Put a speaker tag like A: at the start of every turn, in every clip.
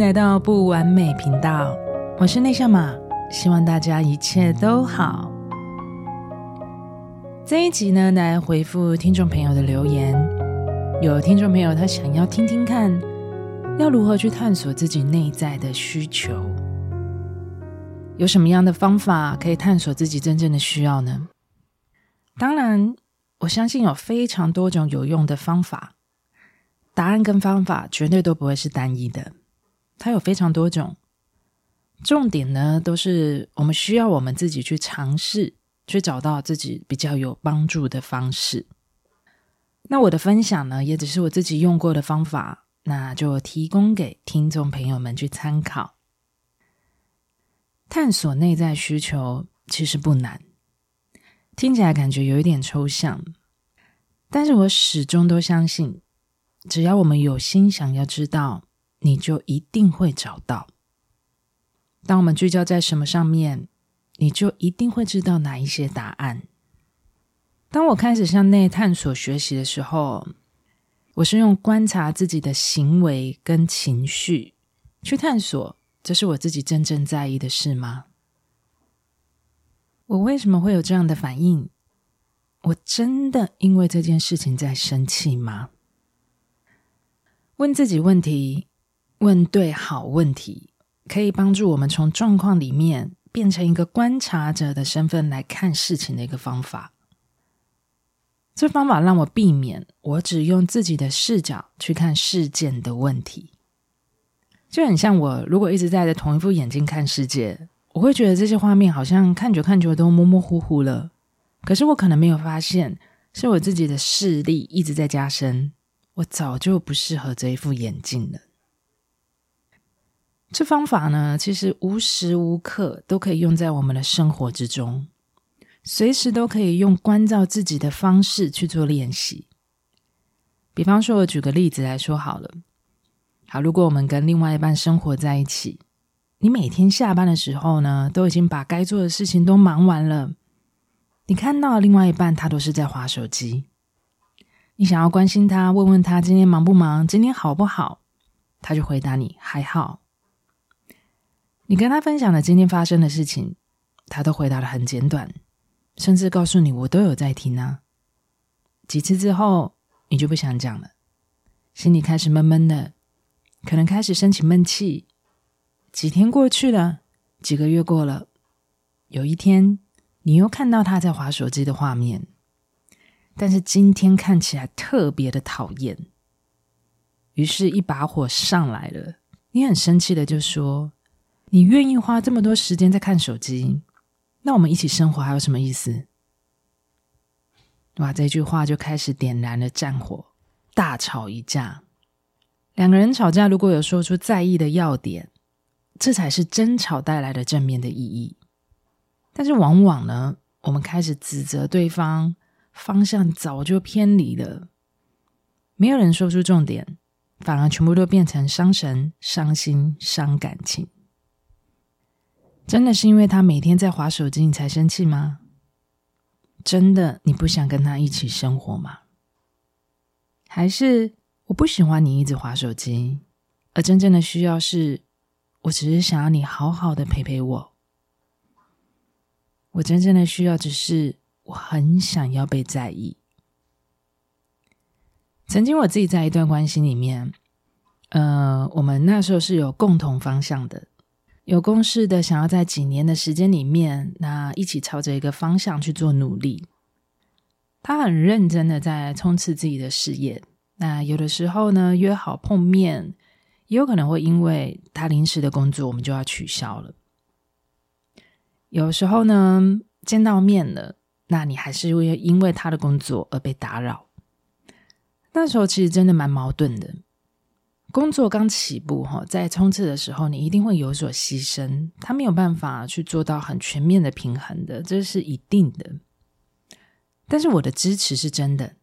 A: 來到不完美頻道，我是內夏瑪，希望大家一切都好。這一集呢，來回覆聽眾朋友的留言。有聽眾朋友他想要聽聽看，要如何去探索自己內在的需求？有什麼樣的方法可以探索自己真正的需要呢？當然，我相信有非常多種有用的方法。答案跟方法絕對都不會是單一的。它有非常多種，重點呢都是我們需要我們自己去嘗試，去找到自己比較有幫助的方式。那我的分享呢，也只是我自己用過的方法，那就提供給聽眾朋友們去參考。探索內在需求其實不難，聽起來感覺有一點抽象，但是我始終都相信，只要我們有心想要知道，你就一定會找到。當我們聚焦在什麼上面，你就一定會知道哪一些答案。當我開始向內探索學習的時候，我是用觀察自己的行為跟情緒去探索，這是我自己真正在意的事嗎？我為什麼會有這樣的反應？我真的因為這件事情在生氣嗎？問自己問題。問對好問題，可以幫助我們從狀況裡面變成一個觀察者的身份來看事情的一個方法。這方法讓我避免我只用自己的視角去看事件的問題，就很像我如果一直戴着同一副眼鏡看世界，我會覺得這些畫面好像看久看久都模模糊糊了。可是我可能沒有發現，是我自己的視力一直在加深，我早就不適合這一副眼鏡了。這方法呢，其實無時無刻都可以用在我們的生活之中，隨時都可以用關照自己的方式去做練習。比方說，我舉個例子來說好了。好，如果我們跟另外一半生活在一起，你每天下班的時候呢，都已經把該做的事情都忙完了，你看到另外一半他都是在滑手機，你想要關心他，問問他今天忙不忙，今天好不好，他就回答你還好。你跟他分享了今天發生的事情，他都回答的很簡短，甚至告訴你“我都有在聽啊”。幾次之後，你就不想講了，心裡開始悶悶的，可能開始生起悶氣。幾天過去了，幾個月過了，有一天你又看到他在滑手機的畫面，但是今天看起來特別的討厭，於是，一把火上來了，你很生氣的就說。你願意花這麼多時間在看手機，那我們一起生活還有什麼意思？哇，這句話就開始點燃了戰火，大吵一架。兩個人吵架如果有說出在意的要點，這才是爭吵帶來的正面的意義。但是往往呢，我們開始指責對方，方向早就偏離了，沒有人說出重點，反而全部都變成傷神、傷心、傷感情。真的是因為他每天在滑手機，你才生氣嗎？真的，你不想跟他一起生活嗎？還是我不喜歡你一直滑手機？而真正的需要是我只是想要你好好的陪陪我。我真正的需要只是我很想要被在意。曾經我自己在一段關係裡面，呃，我們那時候是有共同方向的。有共識的，想要在幾年的時間裡面，那一起朝着一個方向去做努力。他很認真的在衝刺自己的事業。那有的時候呢，約好碰面，也有可能會因為他臨時的工作，我們就要取消了。有的時候呢，見到面了，那你還是會因為他的工作而被打擾。那時候其實真的蠻矛盾的。工作剛起步哈，在衝刺的時候，你一定會有所犧牲，他沒有辦法去做到很全面的平衡的，這是一定的。但是我的支持是真的，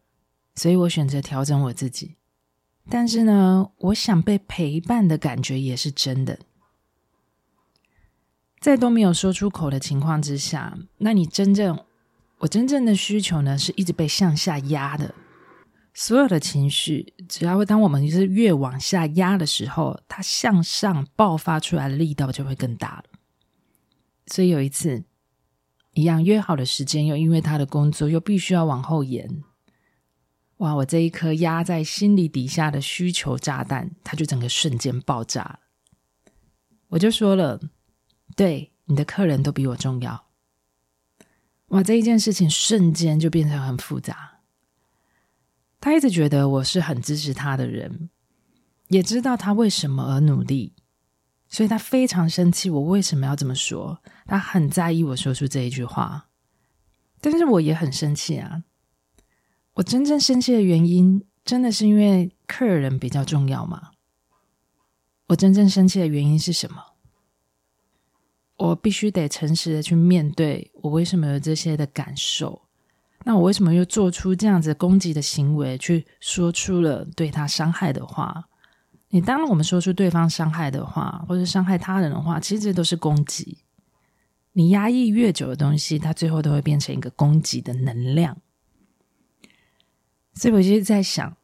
A: 所以我選擇調整我自己。但是呢，我想被陪伴的感覺也是真的。在都沒有說出口的情況之下，那你真正，我真正的需求呢，是一直被向下壓的。所有的情緒，只要會當我們就是越往下壓的時候，它向上爆發出來的力道就會更大了。所以有一次，一樣約好的時間又因為他的工作又必須要往後延，哇！我這一顆壓在心裡底下的需求炸彈，它就整個瞬間爆炸了。我就說了，對，你的客人都比我重要，哇！這一件事情瞬間就變成很複雜。他一直覺得我是很支持他的人，也知道他為什麼而努力，所以他非常生氣，我為什麼要這麼說，他很在意我說出這一句話，但是我也很生氣啊！我真正生氣的原因，真的是因為客人比較重要嗎？我真正生氣的原因是什麼？我必須得誠實的去面對，我為什麼有這些的感受。那我為什麼又做出這樣子攻擊的行為，去說出了對他傷害的話？你當我們說出對方傷害的話，或者傷害他人的話，其實這都是攻擊。你壓抑越久的東西，它最後都會變成一個攻擊的能量。所以我就一直在想，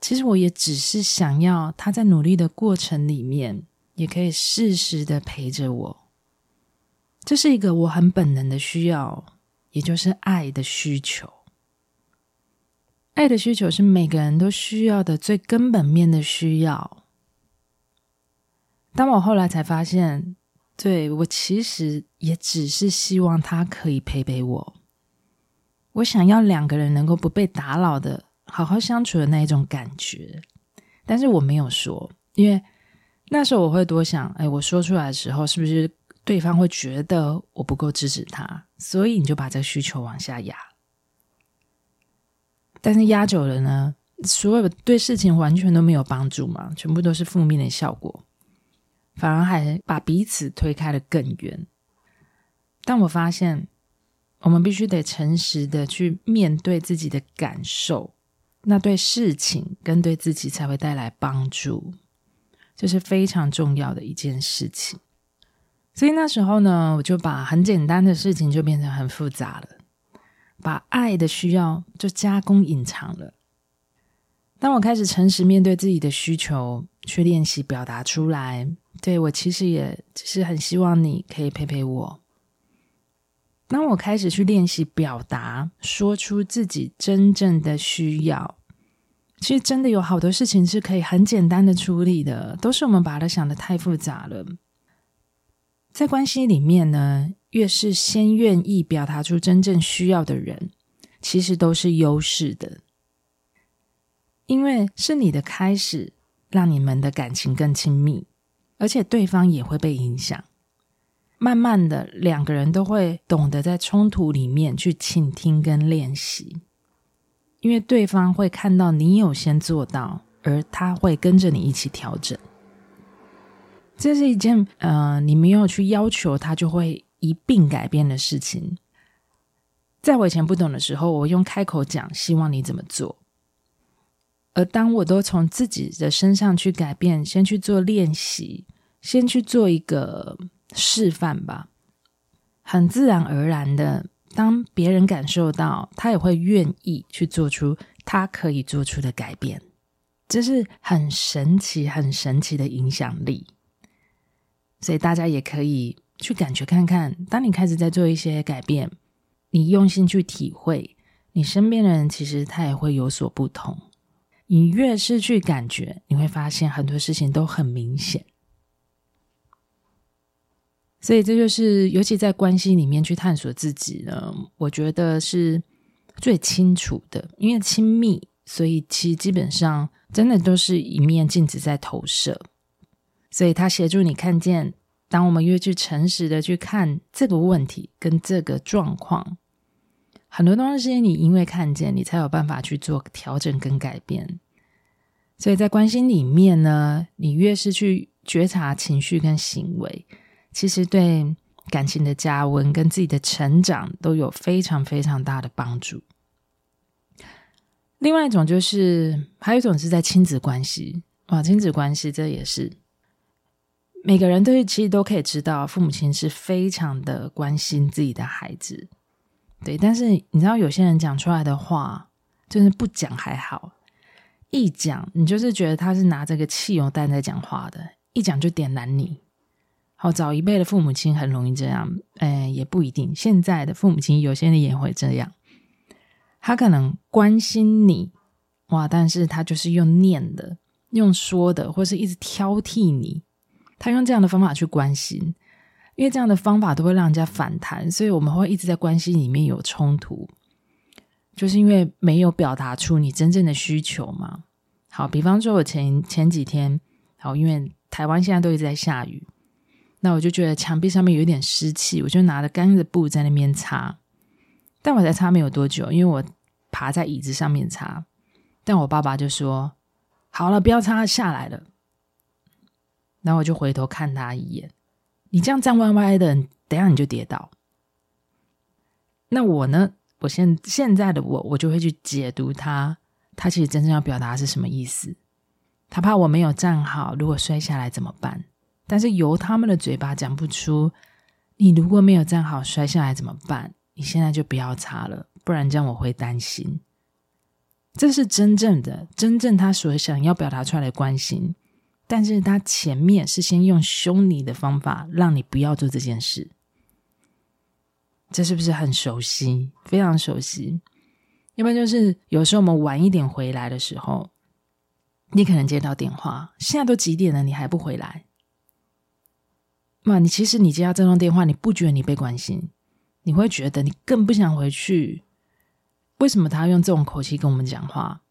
A: 其實我也只是想要他在努力的過程裡面，也可以適時的陪着我。這是一個我很本能的需要。也就是愛的需求，愛的需求是每個人都需要的最根本面的需要。當我後來才發現，對，我其實也只是希望他可以陪陪我，我想要兩個人能夠不被打擾的好好相處的那一種感覺。但是我沒有說，因為那時候我會多想，哎，我說出來的時候，是不是對方會覺得我不夠支持他？所以你就把這個需求往下壓，但是壓久了呢，所有對事情完全都沒有幫助嘛，全部都是負面的效果，反而還把彼此推開了更遠。但我發現，我們必須得誠實的去面對自己的感受，那對事情跟對自己才會帶來幫助，這是非常重要的一件事情。所以那時候呢，我就把很簡單的事情就變成很複雜了，把愛的需要就加工隱藏了。當我開始誠實面對自己的需求，去練習表達出來，對，我其實也是很希望你可以陪陪我。當我開始去練習表達，說出自己真正的需要，其實真的有好多事情是可以很簡單的處理的，都是我們把它想得太複雜了。在關係裡面呢，越是先願意表達出真正需要的人，其實都是優勢的。因為是你的開始，讓你們的感情更親密，而且對方也會被影響。慢慢的，兩個人都會懂得在衝突裡面去傾聽跟練習，因為對方會看到你有先做到，而他會跟着你一起調整。這是一件，呃，你沒有去要求他就會一併改變的事情。在我以前不懂的時候，我用開口講，希望你怎麼做。而當我都從自己的身上去改變，先去做練習，先去做一個示範吧，很自然而然的，當別人感受到，他也會願意去做出他可以做出的改變。這是很神奇、很神奇的影響力。所以大家也可以去感覺看看，當你開始在做一些改變，你用心去體會，你身邊的人其實他也會有所不同。你越是去感覺，你會發現很多事情都很明顯。所以這就是，尤其在關係裡面去探索自己呢，我覺得是最清楚的，因為親密，所以其實基本上真的都是一面鏡子在投射。所以，他協助你看見，當我們越去誠實的去看這個問題跟這個狀況，很多東西你因為看見，你才有辦法去做調整跟改變。所以在關心裡面呢，你越是去覺察情緒跟行為，其實對感情的加溫跟自己的成長都有非常非常大的幫助。另外一種就是，還有一種是在親子關係，哇，親子關係這也是。每個人都是，其實都可以知道，父母親是非常的關心自己的孩子，對。但是你知道，有些人講出來的話，就是不講還好，一講你就是覺得他是拿這個汽油彈在講話的，一講就點燃你。好，早一輩的父母親很容易這樣，誒，也不一定。現在的父母親，有些人也會這樣，他可能關心你，哇，但是他就是用念的，用說的，或是一直挑剔你。他用這樣的方法去關心，因為這樣的方法都會讓人家反彈，所以我們會一直在關係裡面有衝突，就是因為沒有表達出你真正的需求嘛。好，比方說我前前幾天，好，因為台灣現在都一直在下雨，那我就覺得牆壁上面有一點濕氣，我就拿着乾淨的布在那邊擦。但我才擦沒有多久，因為我爬在椅子上面擦，但我爸爸就說：“好了，不要擦，下來了。”然後我就回頭看他一眼，你這樣站歪歪的，等一下你就跌倒。那我呢？我現現在的我，我就會去解讀他，他其實真正要表達的是什麼意思。他怕我沒有站好，如果摔下來怎麼辦？但是由他們的嘴巴講不出，你如果沒有站好摔下來怎麼辦？你現在就不要擦了，不然這樣我會擔心。這是真正的，真正他所想要表達出來的關心。但是他前面是先用兇你的方法，讓你不要做這件事，這是不是很熟悉？非常熟悉。要不然就是有時候我們晚一點回來的時候，你可能接到電話，現在都幾點了，你還不回來？那你其實你接到這通電話，你不覺得你被關心？你會覺得你更不想回去？為什麼他要用這種口氣跟我們講話？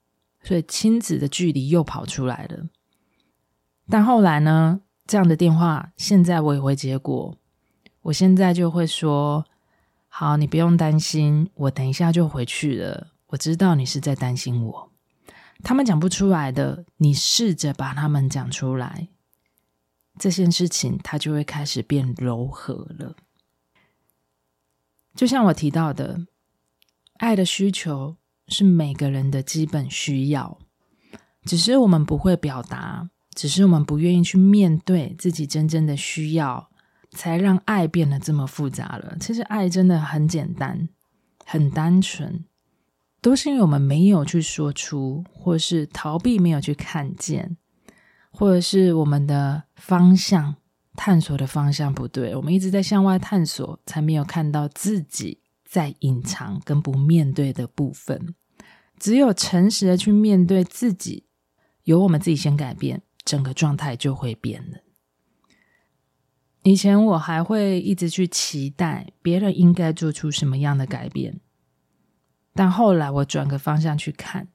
A: 所以親子的距離又跑出來了。但後來呢？這樣的電話，現在我也會結果。我現在就會說：“好，你不用擔心，我等一下就回去了。”我知道你是在擔心我。他們講不出來的，你試着把他們講出來，這件事情它就會開始變柔和了。就像我提到的，愛的需求是每個人的基本需要，只是我們不會表達。只是我們不願意去面對自己真正的需要，才讓愛變得這麼複雜了。其實愛真的很簡單，很單純，都是因為我們沒有去說出，或是逃避，沒有去看見，或者是我們的方向探索的方向不對，我們一直在向外探索，才沒有看到自己在隱藏跟不面對的部分。只有誠實的去面對自己，由我們自己先改變，整個狀態就會變了。以前我還會一直去期待別人應該做出什麼樣的改變，但後來我轉個方向去看，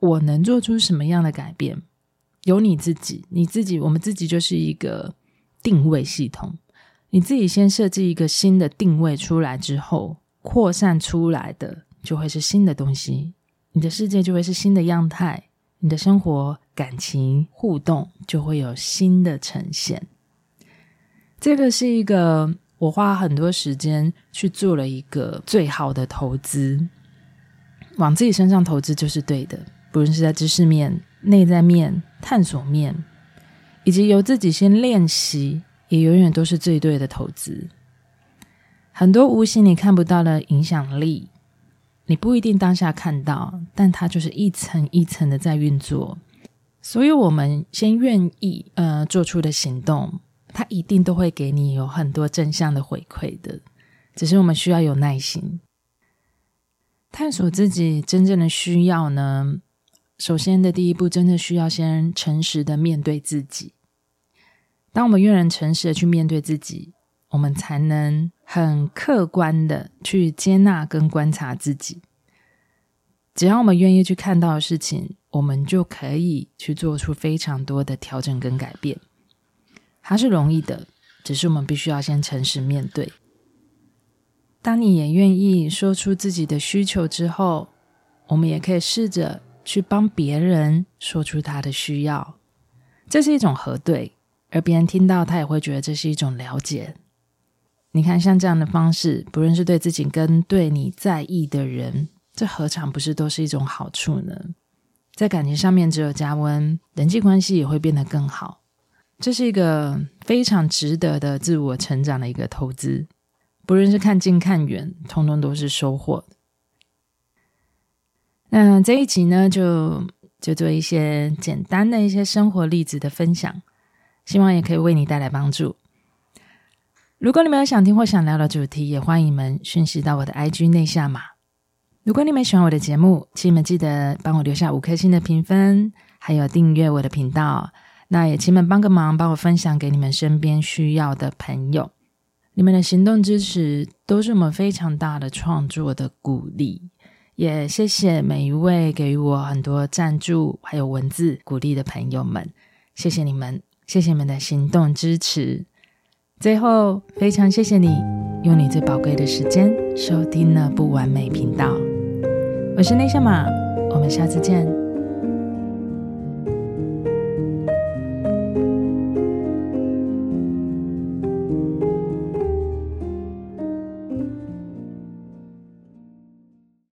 A: 我能做出什麼樣的改變？有你自己，你自己，我們自己就是一個定位系統。你自己先設計一個新的定位出來之後，擴散出來的就會是新的東西，你的世界就會是新的樣態，你的生活感情互動就會有新的呈現。這個是一個我花很多時間去做了一個最好的投資，往自己身上投資就是對的。不論是在知識面、內在面、探索面，以及由自己先練習，也永遠都是最對的投資。很多無形你看不到的影響力，你不一定當下看到，但它就是一層一層的在運作。所以，我們先願意呃做出的行動，它一定都會給你有很多正向的回饋的。只是我們需要有耐心，探索自己真正的需要呢。首先的第一步，真的需要先誠實的面對自己。當我們願意誠實的去面對自己，我們才能很客觀的去接納跟觀察自己。只要我們願意去看到的事情。我們就可以去做出非常多的調整跟改變，它是容易的，只是我們必須要先誠實面對。當你也願意說出自己的需求之後，我們也可以試着去幫別人說出他的需要，這是一種核對，而別人聽到他也會覺得這是一種了解。你看，像這樣的方式，不論是對自己跟對你在意的人，這何嘗不是都是一種好處呢？在感情上面只有加溫，人際關係也會變得更好。這是一個非常值得的自我成長的一個投資，不論是看近看遠，通通都是收穫。那這一集呢，就就做一些簡單的一些生活例子的分享，希望也可以為你帶來幫助。如果你們有想聽或想聊的主題，也歡迎你們訊息到我的 IG 內夏瑪。如果你們喜歡我的節目，請你們記得幫我留下五顆星的評分，還有訂閱我的頻道。那也請你們幫個忙，幫我分享給你們身邊需要的朋友。你們的行動支持都是我們非常大的創作的鼓勵。也謝謝每一位給予我很多贊助還有文字鼓勵的朋友們，謝謝你們，謝謝你們的行動支持。最後，非常謝謝你用你最寶貴的時間收聽了不完美頻道。我是內夏瑪，我們下次見。